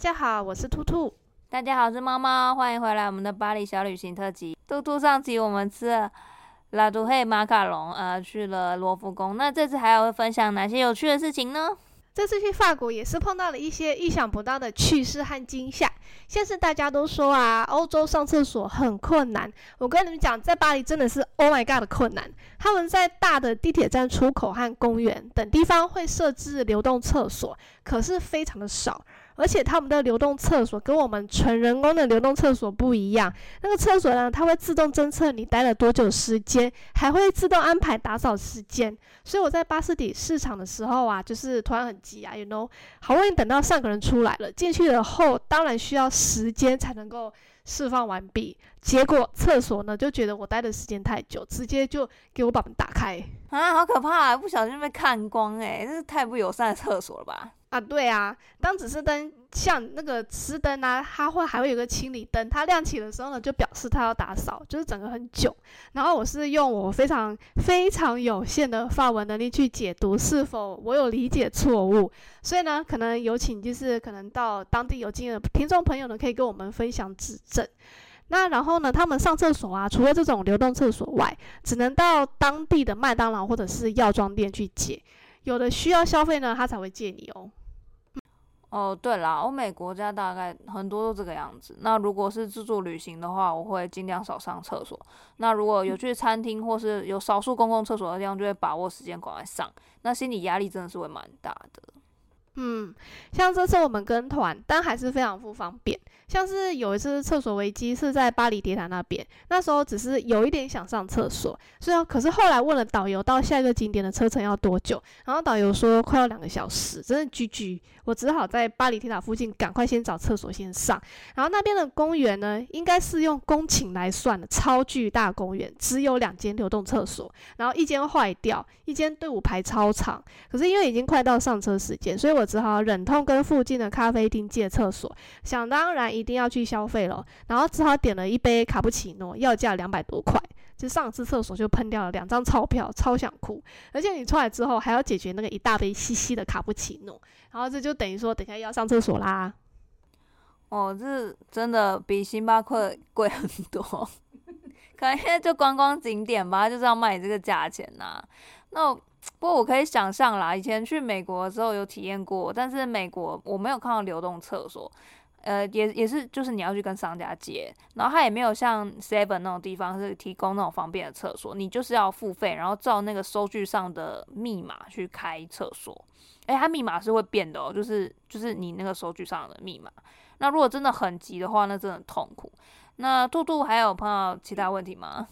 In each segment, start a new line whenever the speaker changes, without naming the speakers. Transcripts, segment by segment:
大家好，我是兔兔。
大家好，我是貓貓。歡迎回來，我們的巴黎小旅行特輯。兔兔，上集我們吃了拉都嘿馬卡龍，呃，去了羅浮宮。那這次還要分享哪些有趣的事情
呢？這次去法國也是碰到了一些意想不到的趣事和驚嚇。先是大家都說啊，歐洲上廁所很困難。我跟你們講，在巴黎真的是 Oh my God 的困難。他們在大的地鐵站出口和公園等地方會設置流動廁所，可是非常的少。而且他們的流動廁所跟我們純人工的流動廁所不一樣，那個廁所呢，它會自動偵測你待了多久時間，還會自動安排打掃時間。所以我在巴士底市場的時候啊，就是突然很急啊，You know，好不容易等到上個人出來了，進去了後當然需要時間才能夠釋放完畢，結果廁所呢就覺得我待的時間太久，直接就給我把門打開啊，好可怕啊，不小心被看光誒、欸，真是太不友善的廁所了吧。啊，對啊，當指示燈像那個指示燈啊，它會還會有個清理燈，它亮起的時候呢，就表示它要打掃，就是整個很囧。然後我是用我非常非常有限的法文能力去解讀，是否我有理解錯誤？所以呢，可能有請就是可能到當地有經驗的聽眾朋友呢，可以跟我們分享指正。那然後呢，他們上廁所啊，除了這種流動廁所外，只能到當地的麥當勞或者是藥妝店去借，有的需要消費呢，他才會借你哦。
哦，對了，歐美國家大概很多都這個樣子。那如果是自助旅行的話，我會盡量少上廁所。那如果有去餐廳或是有少數公共廁所的地方，就會把握時間趕快上。那心理壓力真的是會蠻大的。
嗯，像這次我們跟團，但還是非常不方便。像是有一次廁所危機是在巴黎鐵塔那邊，那時候只是有一點想上廁所，雖然可是後來問了導遊到下一個景點的車程要多久，然後導遊說快要兩個小時，真的 GG，我只好在巴黎鐵塔附近趕快先找廁所先上。然後那邊的公園呢，應該是用公頃來算的，超巨大公園，只有兩間流動廁所，然後一間壞掉，一間隊伍排超長。可是因為已經快到上車時間，所以我。只好忍痛跟附近的咖啡廳借廁所，想當然一定要去消費咯。然後只好點了一杯卡布奇諾，要價兩百多塊，就上次廁所就噴掉了兩張鈔票，超想哭。而且你出來之後還要解決那個一大杯稀稀的卡布奇諾，然後，這就等於說等下要上廁所啦。哦，這
真的比星巴克貴，貴很多， 可能因為就觀光景點吧，就是要賣這個價錢吶、啊。那。不過我可以想象啦，以前去美國的時候有體驗過，但是美國我沒有看到流動廁所，呃，也也是就是你要去跟商家借，然後它也沒有像 Seven 那種地方是提供那種方便的廁所，你就是要付費，然後照那個收據上的密碼去開廁所，誒，它密碼是會變的哦，就是就是你那個收據上的密碼，那如果真的很急的
話，那真的很痛苦。
那兔兔還有碰到其他問題嗎？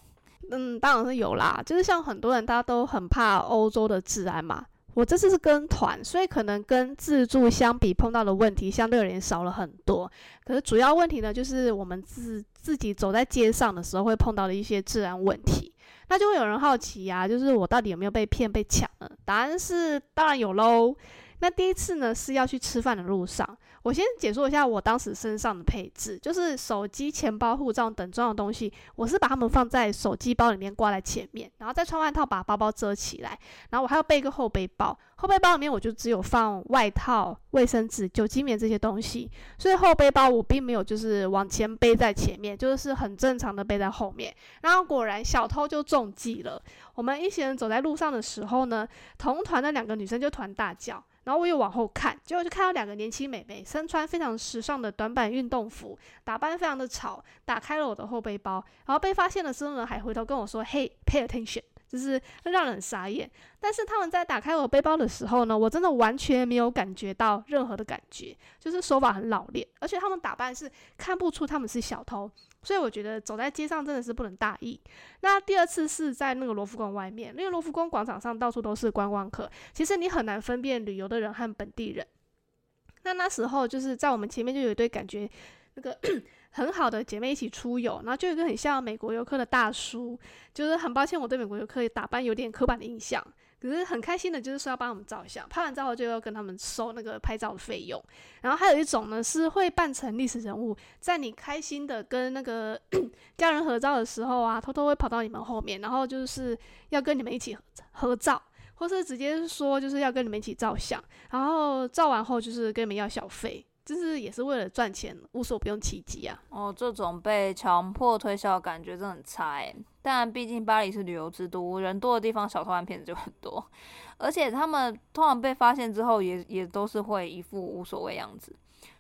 嗯，當然是有啦，就是像很多人，大家都很怕歐洲的治安嘛。我這次是跟團，所以可能跟自助相比，碰到的問題相對而言少了很多。可是主要問題呢，就是我們自自己走在街上的時候，會碰到的一些治安問題。那就會有人好奇呀、啊，就是我到底有沒有被騙、被搶呢？答案是，當然有嘍。那第一次呢，是要去吃飯的路上。我先解說一下我當時身上的配置，就是手機、錢包、護照等重要東西，我是把它們放在手機包裡面掛在前面，然後再穿外套把包包遮起來。然後我還要背一個後背包，後背包裡面我就只有放外套、衛生紙、酒精棉這些東西，所以後背包我並沒有就是往前背在前面，就是很正常的背在後面。然後果然小偷就中計了。我們一行人走在路上的時候呢，同團的兩個女生就團大叫。然後我又往後看，結果就看到兩個年輕美眉，身穿非常時尚的短版運動服，打扮非常的潮。打開了我的後背包，然後被發現了，之後呢還回頭跟我說：“嘿、hey，pay attention。”就是讓人傻眼，但是他們在打開我背包的時候呢，我真的完全沒有感覺到任何的感覺，就是手法很老練，而且他們打扮是看不出他們是小偷，所以我覺得走在街上真的是不能大意。那第二次是在那個羅浮宮外面，那個羅浮宮廣場上到處都是觀光客，其實你很難分辨旅遊的人和本地人。那那時候就是在我們前面就有一堆，感覺那個。 很好的姐妹一起出遊，然後就有一個很像美國遊客的大叔，就是很抱歉我對美國遊客打扮有點刻板的印象，可是很開心的就是說要幫我們照相，拍完照後就要跟他們收那個拍照的費用。然後還有一種呢是會扮成歷史人物，在你開心的跟那個 家人合照的時候啊，偷偷會跑到你們後面，然後就是要跟你們一起合照，或是直接說就是要跟你們一起照相，然後照完後就是跟你們要小費。就是也是為了賺錢，無所不用其極
啊！哦，這種被強迫推銷的感覺真的很差耶、欸。但畢竟巴黎是旅遊之都，人多的地方小偷案騙子就很多。而且他們通常被發現之後也，也也都是會一副無所謂樣子。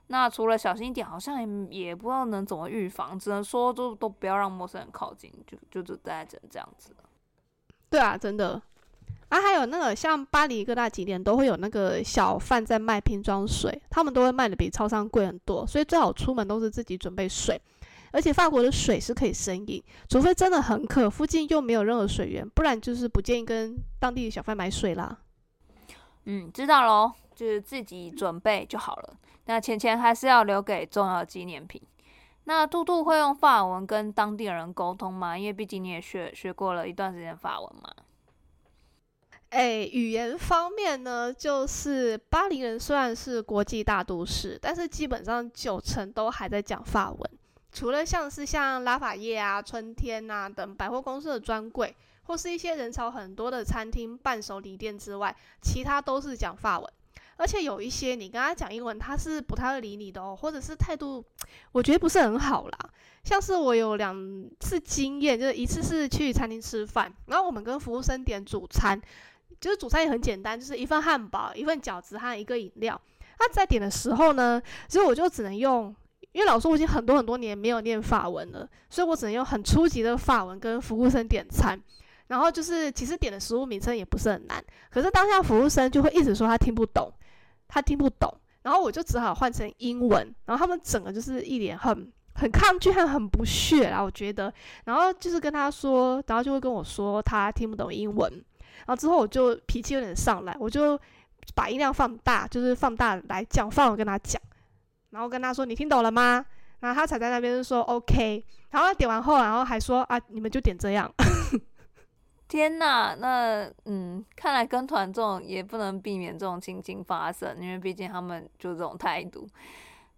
那除了小心一點，好像也不知道能怎麼預防，只能說就都不要讓陌生人靠近，就就只大家只能這樣子。
對啊，真的。啊，還有那個像巴黎各大景點都會有那個小販在賣瓶裝水，他們都會賣的比超商貴很多，所以最好出門都是自己準備水。而且法國的水是可以生飲，除非真的很渴，附近又沒有任何水源，不然就是不建議跟當地的小販買水啦。
嗯，知道咯，就是自己準備就好了。那錢錢還是要留給重要紀念品。那兔兔會用法文跟當地的人溝通嗎？因為畢竟你也學學過了一段時間法文嘛。
誒，語言方面呢，就是巴黎人雖然是國際大都市，但是基本上九成都還在講法文，除了像是像拉法葉啊、春天吶、啊、等百貨公司的專櫃，或是一些人潮很多的餐廳、伴手禮店之外，其他都是講法文。而且有一些你跟他講英文，他是不太會理你的哦，或者是態度，我覺得不是很好啦。像是我有兩次經驗，就是一次是去餐廳吃飯，然後我們跟服務生點主餐。就是主餐也很簡單，就是一份漢堡、一份餃子和一個飲料。他、啊、在點的時候呢，其實我就只能用，因為老師我已經很多很多年沒有念法文了，所以我只能用很初級的法文跟服務生點餐。然後就是其實點的食物名稱也不是很難，可是當下服務生就會一直說他聽不懂，他聽不懂。然後我就只好換成英文。然後他們整個就是一臉很很抗拒和很不屑啦，我覺得。然後就是跟他說，然後就會跟我說他聽不懂英文。然後之後我就脾氣有點上來，我就把音量放大，就是放大來講法文跟他講，然後跟他說你聽懂了嗎？然後他才在那邊就說 OK。然後他點完後，然後還說啊，你們就點這樣。
天哪，那嗯，看來跟團這種也不能避免這種情景發生，因為畢竟他們就這種態度。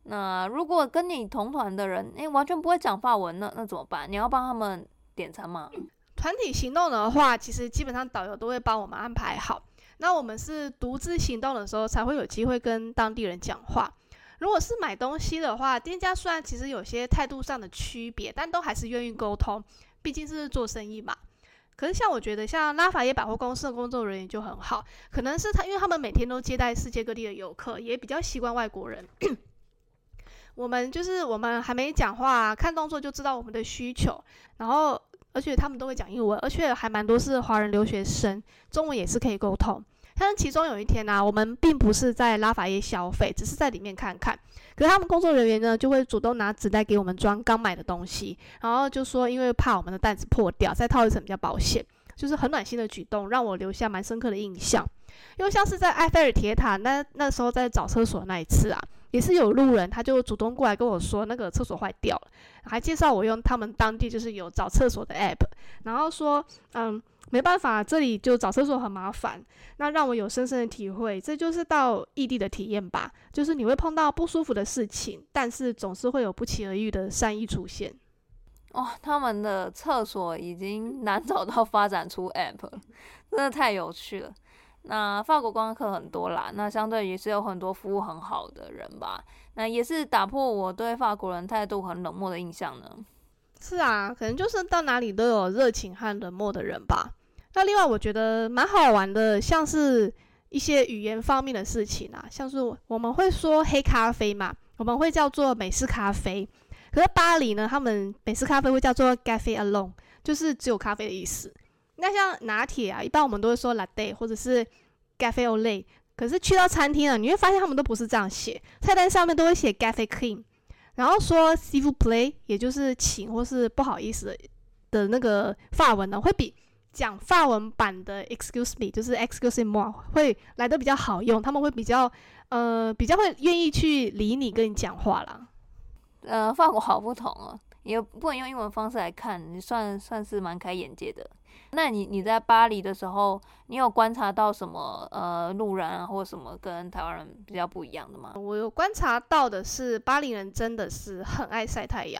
那如果跟你同團的人，
誒完全不會講法文呢，那怎麼辦？你要幫他們點餐嗎？團體行動的話，其實基本上導遊都會幫我們安排好。那我們是獨自行動的時候，才會有機會跟當地人講話。如果是買東西的話，店家雖然其實有些態度上的區別，但都還是願意溝通，畢竟是做生意嘛。可是像我覺得，像拉法耶百貨公司的工作人員就很好，可能是他，因為他們每天都接待世界各地的遊客，也比較習慣外國人。 我們就是我們還沒講話，看動作就知道我們的需求，然後。而且他們都會講英文，而且還蠻多是華人留學生，中文也是可以溝通。但是其中有一天呢、啊，我們並不是在拉法葉消費，只是在裡面看看。可是他們工作人員呢，就會主動拿紙袋給我們裝剛買的東西，然後就說因為怕我們的袋子破掉，再套一層比較保險，就是很暖心的舉動，讓我留下蠻深刻的印象。因為像是在埃菲爾鐵塔那，那時候在找廁所那一次啊，也是有路人，他就主動過來跟我說那個廁所壞掉了，還介紹我用他們當地就是有找廁所的 app，然後說嗯，沒辦法，這裡就找廁所很麻煩，那讓我有深深的體會，這就是到異地的體驗吧，就是你會碰到不舒服的事情，但是總是會有不期而遇的善意出現。
哦，他們的廁所已經難找到發展出 app 了，真的太有趣了。那法國觀光客很多啦，那相對於是有很多服務很好的人吧，那也是打破我對法國人態度很冷漠的印象呢。
是啊，可能就是到哪裡都有熱情和冷漠的人吧。那另外我覺得蠻好玩的，像是一些語言方面的事情啊，像是我們會說黑咖啡嘛，我們會叫做美式咖啡，可是巴黎呢，他們美式咖啡會叫做 café alone，就是只有咖啡的意思。那像拿鐵啊，一般我們都會說 latte 或者是 café au lait，可是去到餐廳啊，你會發現他們都不是這樣寫，菜單上面都會寫 café crème，然後說 s'il vous plaît，也就是請或是不好意思的那個法文呢、啊，會比講法文版的 excuse me，就是 excusez-moi，會來得比較好用，他們會比較呃比較會願意去理你跟你講話了，呃，法國好
不同啊。又不能用英文方式來看，你算算是蠻開眼界的。那你你在巴黎的時候，你有觀察到什麼呃路人啊，或什麼跟台灣人比較不一樣的嗎？
我有觀察到的是，巴黎人真的是很愛曬太陽。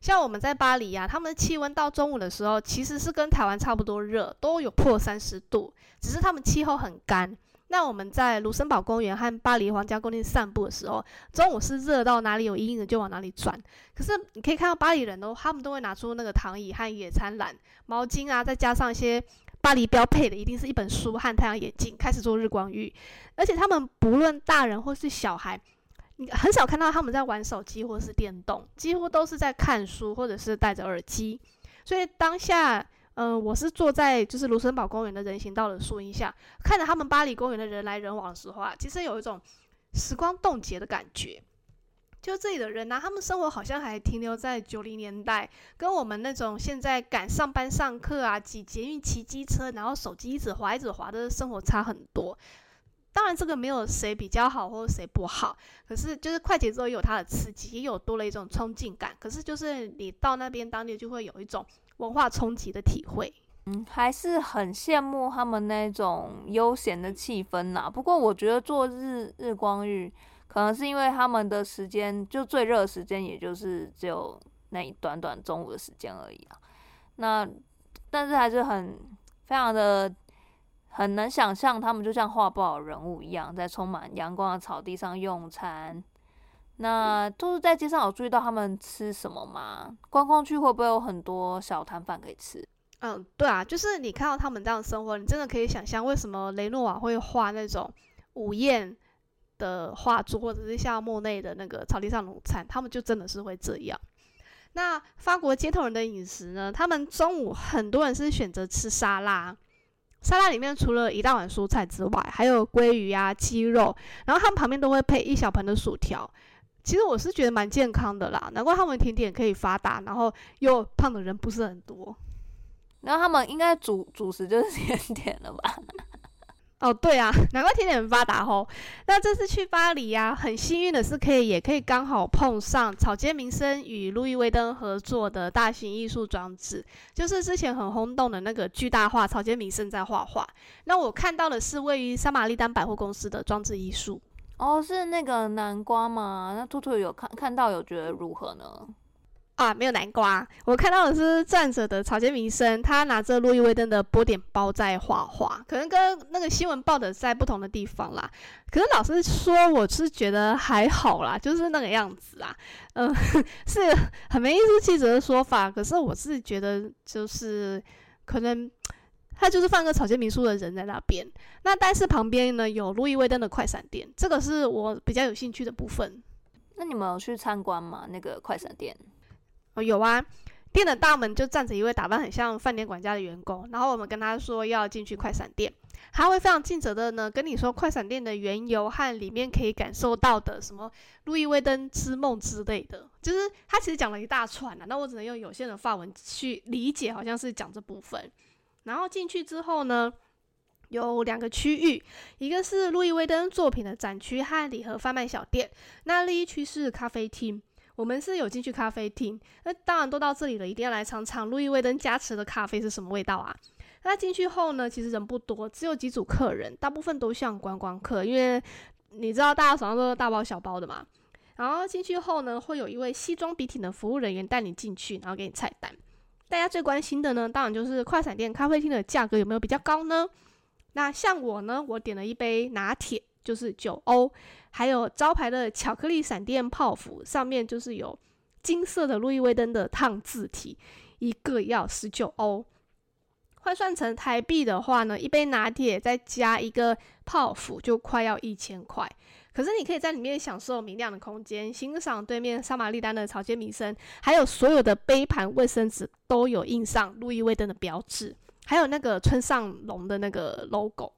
像我們在巴黎呀、啊，他們的氣溫到中午的時候，其實是跟台灣差不多熱，都有破三十度，只是他們氣候很乾。那我們在盧森堡公園和巴黎皇家宮殿散步的時候，中午是熱到哪裡有陰影的就往哪裡轉。可是你可以看到巴黎人哦，他們都會拿出那個躺椅和野餐籃、毛巾啊，再加上一些巴黎標配的，一定是一本書和太陽眼鏡，開始做日光浴。而且他們不論大人或是小孩，你很少看到他們在玩手機或是電動，幾乎都是在看書或者是戴着耳機。所以當下。嗯、呃，我是坐在就是盧森堡公園的人行道的樹蔭下，看着他們巴黎公園的人來人往的時候啊，其實有一種時光凍結的感覺。就這裡的人呢、啊，他們生活好像還停留在九零年代，跟我們那種現在趕上班、上課啊，擠捷運、騎機車，然後手機一直滑一直滑的生活差很多。當然，這個沒有誰比較好或者誰不好，可是就是快節奏有它的刺激，也有多了一種衝勁感。可是就是你到那邊當地，就會有一種。文化衝擊的體會，嗯，還是
很羨慕他們那種悠閒的氣氛吶。不過我覺得做日日光浴，可能是因為他們的時間就最熱的時間，也就是只有那一短短中午的時間而已啊。那，但是還是很非常的，很難想象，他們就像畫報人物一樣，在充滿陽光的草地上用餐。那就是在街上有注意到他們吃什
麼嗎？觀光區會不
會有很多小攤販可以吃？嗯，對啊，
就是你看到他們這樣的生活，你真的可以想象為什麼雷諾瓦會畫那種午宴的畫作，或者是像莫內的那個草地上午餐，他們就真的是會這樣。那法國街頭人的飲食呢？他們中午很多人是選擇吃沙拉，沙拉裡面除了一大碗蔬菜之外，還有鮭魚啊、雞肉，然後他們旁邊都會配一小盆的薯條。其實我是覺得蠻健康的啦，難怪他們甜點可以發達，然後又胖的人不是很多。然後他們應該主主食就是甜點了吧？ 哦，對啊，難怪甜點很發達哦。那這次去巴黎呀，啊，很幸運的是可以也可以剛好碰上草間彌生與路易威登合作的大型藝術裝置，就是之前很轟動的那個巨大化草間彌生在畫畫。那我看到的是位於莎瑪麗丹百貨公司的裝置藝術。哦，是那個南瓜嗎？那兔兔有看看到，有覺得如何呢？啊，沒有南瓜，我看到的是站着的草間彌生，他拿着路易威登的波點包在畫畫，可能跟那個新聞報的在不同的地方啦。可是老實說，我是覺得還好啦，就是那個樣子啊，嗯，是很沒藝術氣質的說法，可是我是覺得就是可能。他就是放個草間彌生的人在那邊，那但是旁邊呢，有路易威登的快閃店，這個是我比較有興趣的部分。那你們有去參觀嗎？那個快閃店？哦，有啊。店的大門就站着一位打扮很像飯店管家的員工，然後我們跟他說要進去快閃店，他會非常盡責的呢跟你說快閃店的緣由和裡面可以感受到的什麼路易威登之夢之類的，就是他其實講了一大串了、啊。那我只能用有限的法文去理解，好像是講這部分。然後進去之後呢，有兩個區域，一個是路易威登作品的展區和禮盒販賣小店，那另一區是咖啡廳。我們是有進去咖啡廳，那當然都到這裡了，一定要來嚐嚐路易威登加持的咖啡是什麼味道啊？那進去後呢，其實人不多，只有幾組客人，大部分都像觀光客，因為你知道大家手上都是大包小包的嘛。然後進去後呢，會有一位西裝筆挺的服務人員帶你進去，然後給你菜單。大家最關心的呢，當然就是快閃店咖啡廳的價格有沒有比較高呢？那像我呢，我點了一杯拿鐵，就是九歐，還有招牌的巧克力閃電泡芙，上面就是有金色的路易威登的燙字體，一個要十九歐。換算成台幣的話呢，一杯拿鐵再加一個泡芙就快要一千塊。可是你可以在裡面享受明亮的空間，欣賞對面沙馬利丹的草間彌生，還有所有的杯盤、衛生紙都有印上路易威登的標誌，還有那個村上隆的那個 logo。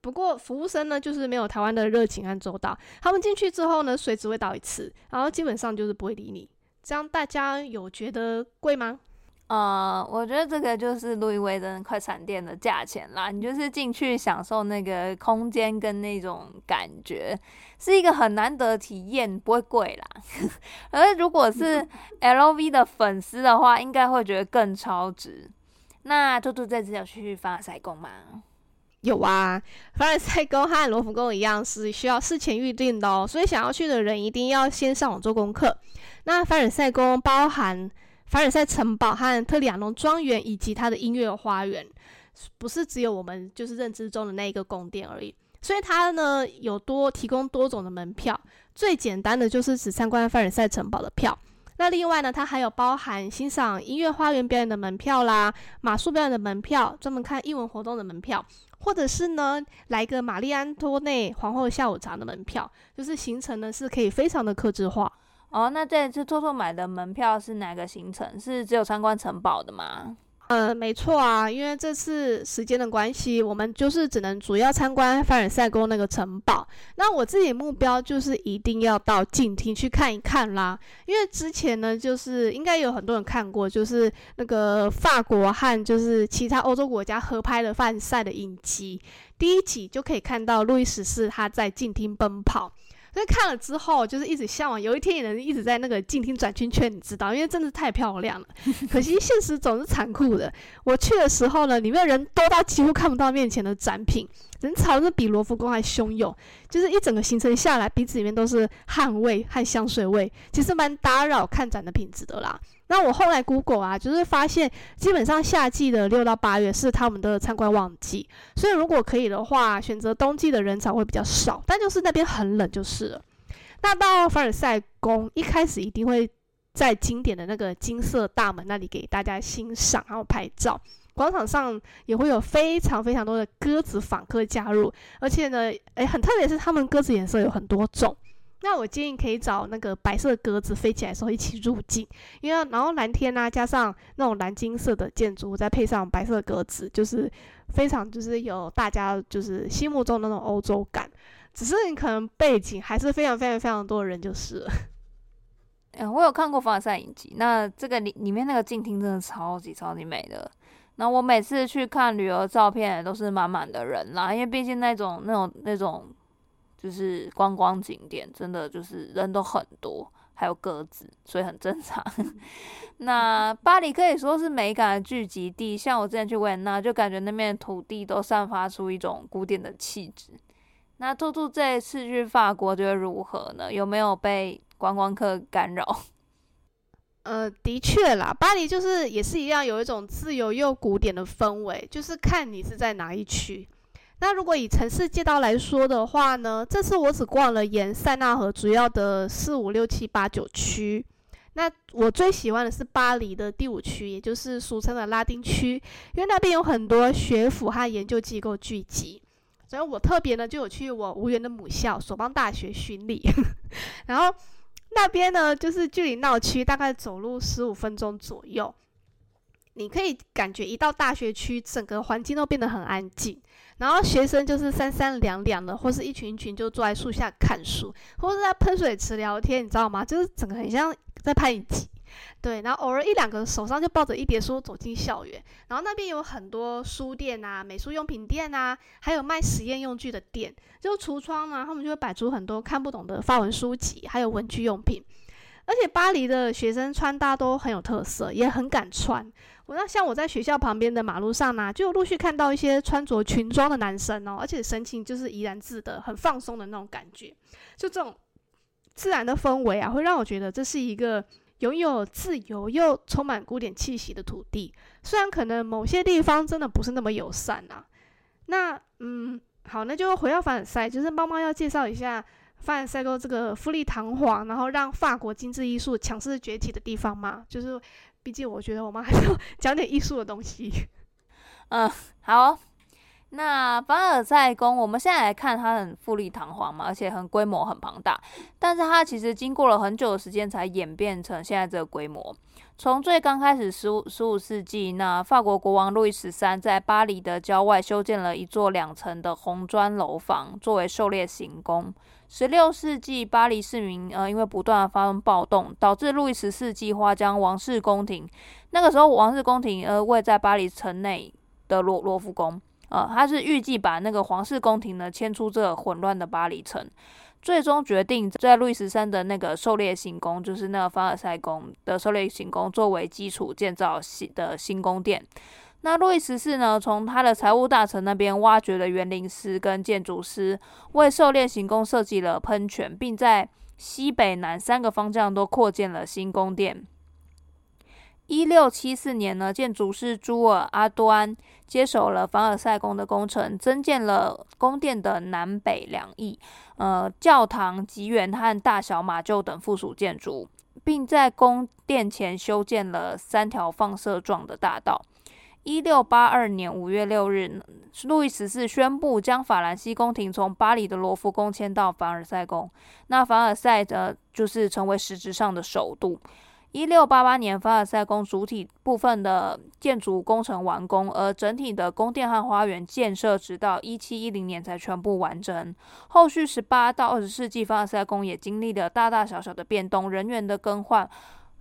不過服務生呢，就是沒有台灣的熱情和周到。他們進去之後呢，水只會倒一次，然後基本上就是不會理你。這樣大家有覺得貴嗎？呃，我覺得這個就是路易威登快餐店
的價錢啦，你就是進去享受那個空間跟那種感覺，是一個很難得的體驗，不會貴啦。 而如果是 LV 的粉絲的話，應該會覺得更超值。那兔兔這次有去凡爾賽宮嗎？
有啊，凡爾賽宮和羅浮宮一樣是需要事前預定的哦，所以想要去的人一定要先上網做功課。那凡爾賽宮包含……凡爾賽城堡和特裡亞農莊園，以及它的音樂花園，不是只有我們就是認知中的那一個宮殿而已。所以它呢有多提供多種的門票，最簡單的就是只參觀凡爾賽城堡的票。那另外呢，它還有包含欣賞音樂花園表演的門票啦，馬術表演的門票，專門看藝文活動的門票，或者是呢來個瑪麗安托內皇后下午茶的門票，就是行程呢是可以非常的客製化。哦，那這次偷偷買的門票
是哪個行程？是只有參觀城堡的嗎？
呃，沒錯啊，因為這次時間的關係，我們就是只能主要參觀凡爾賽宮那個城堡。那我自己的目標就是一定要到鏡廳去看一看啦，因為之前呢，就是應該有很多人看過，就是那個法國和就是其他歐洲國家合拍的凡爾賽的影集，第一集就可以看到路易十四他在鏡廳奔跑。所以看了之後，就是一直嚮往，有一天也能一直在那個鏡廳轉圈圈，你知道，因為真的是太漂亮了。 可惜現實總是殘酷的，我去的時候呢，裡面的人多到幾乎看不到面前的展品。人潮是比羅浮宮還洶湧，就是一整個行程下來，鼻子裡面都是汗味和香水味，其實蠻打擾看展的品質的啦。那我後來 Google 啊，就是發現基本上夏季的六到八月是他們的參觀旺季，所以如果可以的話，選擇冬季的人潮會比較少，但就是那邊很冷就是了。那到凡爾賽宮，一開始一定會在經典的那個金色大門那裡給大家欣賞，然後拍照。廣場上也會有非常非常多的鴿子訪客加入，而且呢，誒、欸，很特別是他們鴿子顏色有很多種。那我建議可以找那個白色鴿子飛起來的時候一起入鏡，因為然後藍天啦、啊，加上那種藍金色的建築，再配上白色鴿子，就是非常就是有大家就是心目中那種歐洲感。只是你可能背景還是非常非常非常多的人，就是了。嗯、呃，我有看過《凡爾賽影集》，那
這個裡裡面那個鏡廳真的超級超級美的。那我每次去看旅遊照片，都是滿滿的人啦，因為畢竟那種、那種、那種，就是觀光景點，真的就是人都很多，還有鴿子，所以很正常。嗯、 那巴黎可以說是美感的聚集地，像我之前去維也納，就感覺那邊土地都散發出一種古典的氣質。那兔兔這一次去法
國，覺得如何呢？有沒有被觀光客干擾？呃，的確啦，巴黎就是也是一樣，有一種自由又古典的氛圍，就是看你是在哪一區。那如果以城市街道來說的話呢，這次我只逛了沿塞納河主要的四五六七八九區。那我最喜歡的是巴黎的第五區，也就是俗稱的拉丁區，因為那邊有很多學府和研究機構聚集，所以我特別呢就有去我無緣的母校索邦大學巡禮， 然後。那邊呢，就是距離鬧區大概走路十五分鐘左右。你可以感覺一到大學區，整個環境都變得很安靜，然後學生就是三三兩兩的，或是一群一群就坐在樹下看書，或者在噴水池聊天，你知道嗎？就是整個很像在拍影集。對，然後偶爾一兩個手上就抱着一疊書走進校園，然後那邊有很多書店啊、美術用品店啊，還有賣實驗用具的店，就櫥窗呢、啊，他們就會擺出很多看不懂的法文書籍，還有文具用品。而且巴黎的學生穿搭都很有特色，也很敢穿。我那像我在學校旁邊的馬路上呢、啊，就陸續看到一些穿着裙裝的男生哦，而且神情就是怡然自得、很放鬆的那種感覺。就這種自然的氛圍啊，會讓我覺得這是一個。擁有自由又充滿古典氣息的土地，雖然可能某些地方真的不是那麼友善吶、啊。那嗯，好，那就回到凡爾賽，就是媽媽要介紹一下凡爾賽宮這個富麗堂皇，然後讓法國精緻藝術強勢崛起的地方嘛。就是，畢竟我覺得我們還是講點藝術的東西。嗯、uh, 哦，好。
那凡爾賽宮，我們現在來看，它很富麗堂皇嘛，而且很規模很龐大。但是它其實經過了很久的時間才演變成現在這個規模。從最剛開始，十五十五世紀，那法國國王路易十三在巴黎的郊外修建了一座兩層的紅磚樓房，作為狩獵行宮。十六世紀，巴黎市民呃因為不斷的發生暴動，導致路易十四計劃將王室宮廷。那個時候，王室宮廷呃位在巴黎城內的羅羅浮宮。呃，他是預計把那個皇室宮廷呢遷出這混亂的巴黎城，最終決定在路易十三的那個狩獵行宮，就是那個凡爾賽宮的狩獵行宮作為基礎建造新的新宮殿。那路易十四呢，從他的財務大臣那邊挖掘了園林師跟建築師，為狩獵行宮設計了噴泉，並在西北南三個方向都擴建了新宮殿。一六七四年呢，建築師朱爾阿多安接手了凡爾賽宮的工程，增建了宮殿的南北兩翼，呃，教堂、橘園和大小馬廄等附屬建築，並在宮殿前修建了三條放射狀的大道。一六八二年五月六日，路易十四宣布將法蘭西宮廷從巴黎的羅浮宮遷到凡爾賽宮，那凡爾賽的，就是成為實質上的首都。一六八八年，凡爾賽宮主體部分的建築工程完工，而整體的宮殿和花園建設直到一七一零年才全部完成。後續十八到二十世紀，凡爾賽宮也經歷了大大小小的變動、人員的更換，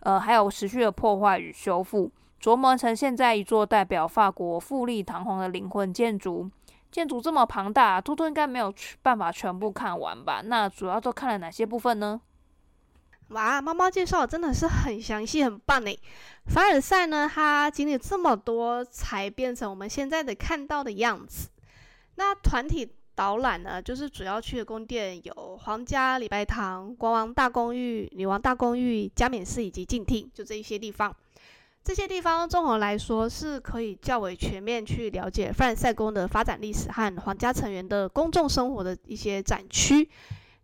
呃，還有持續的破壞與修復，琢磨成現在一座代表法國富麗堂皇的靈魂建築。建築這麼龐大，嘟嘟應該沒有辦法全部看完吧？那主
要都看了哪些部分呢？哇，貓貓介紹的真的是很詳細，很棒哎！凡爾賽呢，它經歷這麼多才變成我們現在的看到的樣子。那團體導覽呢，就是主要去的宮殿有皇家禮拜堂、國王大公寓、女王大公寓、加冕室以及鏡廳，就這一些地方。這些地方綜合來說，是可以較為全面去了解凡爾賽宮的發展歷史和皇家成員的公眾生活的一些展區。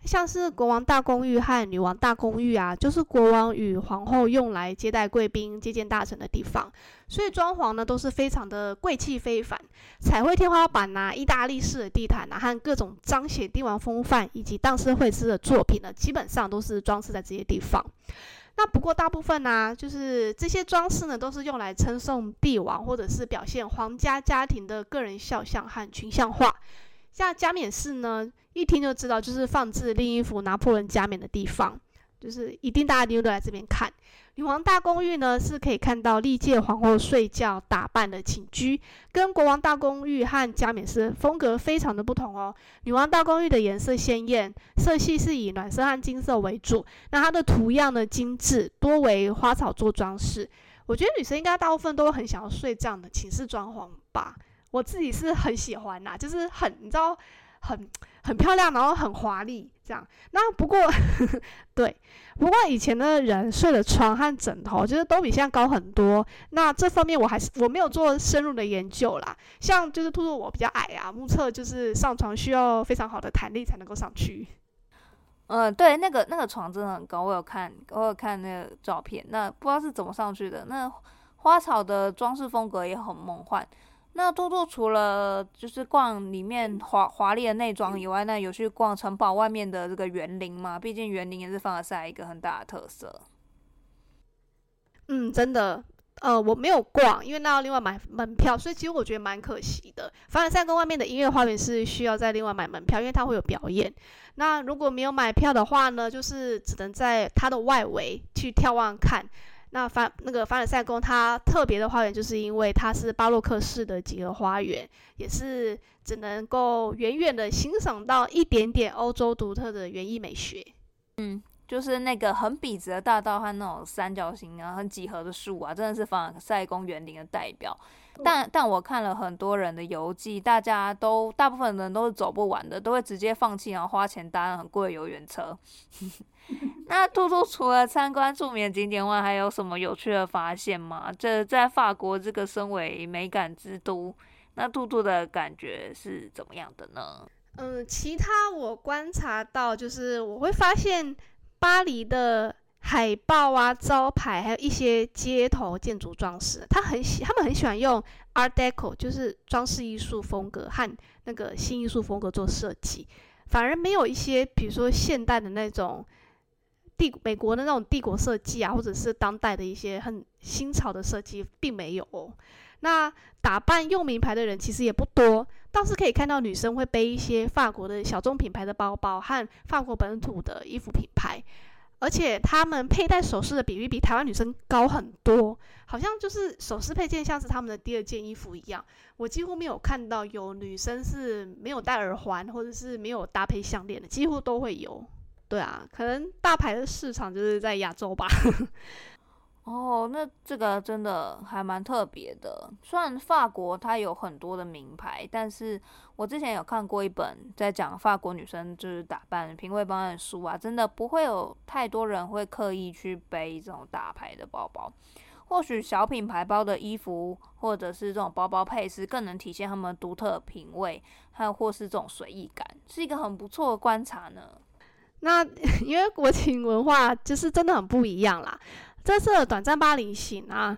像是國王大公寓和女王大公寓啊，就是國王與皇后用來接待貴賓、接見大臣的地方，所以裝潢呢都是非常的貴氣非凡，彩繪天花板吶、啊、意大利式的地毯吶、啊、和各種彰顯帝王風範以及當時繪製的作品呢，基本上都是裝飾在這些地方。那不過大部分呢、啊，就是這些裝飾呢都是用來稱頌帝王或者是表現皇家家庭的個人肖像和群像畫。像加冕室呢，一聽就知道就是放置另一幅拿破崙加冕的地方，就是一定大家一定都來這邊看。女王大公寓呢，是可以看到歷屆皇后睡覺打扮的寢居，跟國王大公寓和加冕室風格非常的不同哦。女王大公寓的顏色鮮艷，色系是以暖色和金色為主，那它的圖樣呢精緻，多為花草做裝飾。我覺得女生應該大部分都很想要睡這樣的寢室裝潢吧。我自己是很喜歡吶，就是很你知道，很很漂亮，然後很華麗這樣。那不過， 對，不過以前的人睡的床和枕頭，其實都比現在高很多。那這方面我還是我沒有做深入的研究啦。像就是兔兔我比較矮啊，目測就是上床需要非常好的彈力才能夠上去。
嗯、呃，對，那個那個床真的很高，我有看我有看那個照片，那不知道是怎麼上去的。那花草的裝飾風格也很夢幻。那多多除了就是逛裡面華華麗的內裝以外，那有去逛城堡外面的這個園林嗎？畢竟園林也是凡爾賽一個很大的特色。
嗯，真的，呃，我沒有逛，因為那要另外買門票，所以其實我覺得蠻可惜的。凡爾賽宮外面的音樂花園是需要再另外買門票，因為它會有表演。那如果沒有買票的話呢，就是只能在它的外圍去眺望看。那凡那個凡爾賽宮，它特別的花園，就是因為它是巴洛克式的幾何花園，也是只能夠遠遠的欣賞到一點點歐洲獨特的園藝
美學。嗯。就是那個很筆直的大道和那種三角形啊，很幾何的樹啊，真的是凡爾賽宮園林的代表。對但但我看了很多人的遊記，大家都大部分人都是走不完的，都會直接放棄，然後花錢搭很貴的遊園車。 那兔兔除了參觀著名景點外，還有什麼有趣的發現嗎？這在法國這個身為美感之都，那兔兔的感覺是怎麼樣的呢？嗯、
呃，其他我觀察到就是我會發現。巴黎的海報啊、招牌，還有一些街頭建築裝飾，他很喜，他們很喜歡用 Art Deco，就是裝飾藝術風格和那個新藝術風格做設計，反而沒有一些，比如說現代的那種帝美國的那種帝國設計啊，或者是當代的一些很新潮的設計，並沒有哦。那打扮用名牌的人其實也不多。倒是可以看到女生會背一些法國的小眾品牌的包包和法國本土的衣服品牌，而且她們佩戴首飾的比例比台灣女生高很多，好像就是首飾配件像是她們的第二件衣服一樣。我幾乎沒有看到有女生是沒有戴耳環或者是沒有搭配項鏈的，幾乎都會有。對啊，可能大牌的市場就是在亞洲吧。 哦，那
這個真的還蠻特別的。雖然法國它有很多的名牌，但是我之前有看過一本在講法國女生就是打扮品味方面的書啊，真的不會有太多人會刻意去背這種大牌的包包。或許小品牌包的衣服，或者是這種包包配飾，更能體現他們獨特品味還有或是這種隨意感，是一個很不錯的觀察呢。
那因為國情文化就是真的很不一樣啦。這次的短暫巴黎行啊，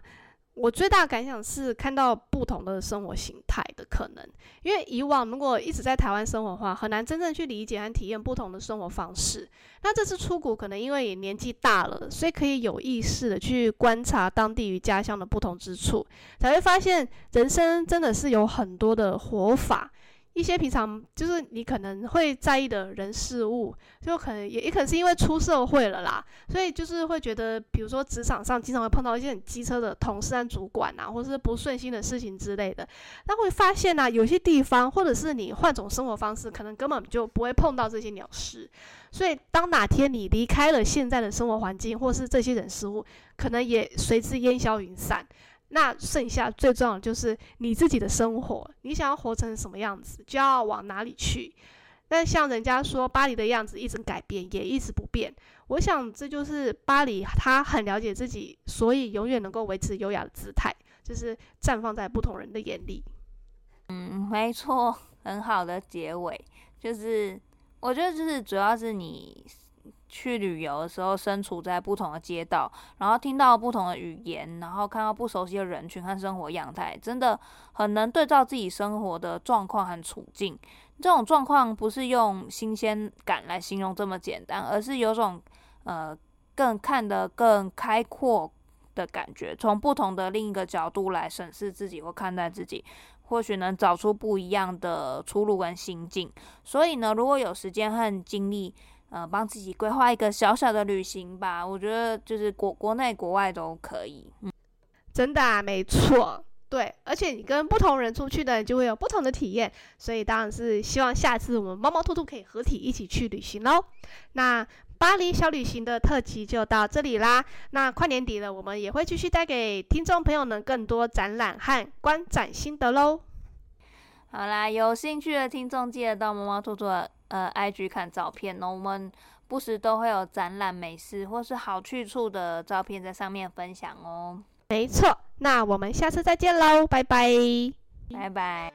我最大的感想是看到不同的生活形態的可能。因為以往如果一直在台灣生活的話，很難真正去理解和體驗不同的生活方式。那這次出國，可能因為也年紀大了，所以可以有意識地去觀察當地與家鄉的不同之處，才會發現人生真的是有很多的活法。一些平常就是你可能會在意的人事物，就可能也也可能是因為出社會了啦，所以就是會覺得，比如說職場上經常會碰到一些很機車的同事啊、主管啊，或是不順心的事情之類的。那會發現呢、啊，有些地方或者是你換種生活方式，可能根本就不會碰到這些鳥事。所以，當哪天你離開了現在的生活環境，或是這些人事物，可能也隨之煙消雲散。那剩下最重要的就是你自己的生活，你想要活成什麼樣子，就要往哪裡去。但像人家說巴黎的樣子，一直改變，也一直不變。我想這就是巴黎，他很了解自己，所以永遠能夠維持優雅的姿態，就是綻放在不同人的眼裡。嗯，沒
錯，很好的結尾。就是我覺得，就是主要是你。去旅遊的時候，身處在不同的街道，然後聽到不同的語言，然後看到不熟悉的人群和生活樣態，真的很能對照自己生活的狀況和處境。這種狀況不是用新鮮感來形容這麼簡單，而是有種呃更看得更開闊的感覺，從不同的另一個角度來審視自己或看待自己，或許能找出不一樣的出路跟心境。所以呢，如果有時間和精力，呃，幫、嗯、自己規劃一個小小的旅行吧。我覺得就是國國內國外都可以。嗯、
真的啊，沒錯，對，而且你跟不同人出去的，就會有不同的體驗，所以當然是希望下次我們貓貓兔兔可以合體一起去旅行嘍。那巴黎小旅行的特輯就到這裡啦，那快年底了，我們也會繼續帶給聽眾朋友們更多展覽和觀展心得嘍。好
啦，有興趣的聽眾記得到貓貓兔兔。呃，IG 看照片，哦，我們不時都會有展覽、美食或是好去處的照片在上面分享哦。
沒錯，那我們下次再見嘍，拜拜，
拜拜。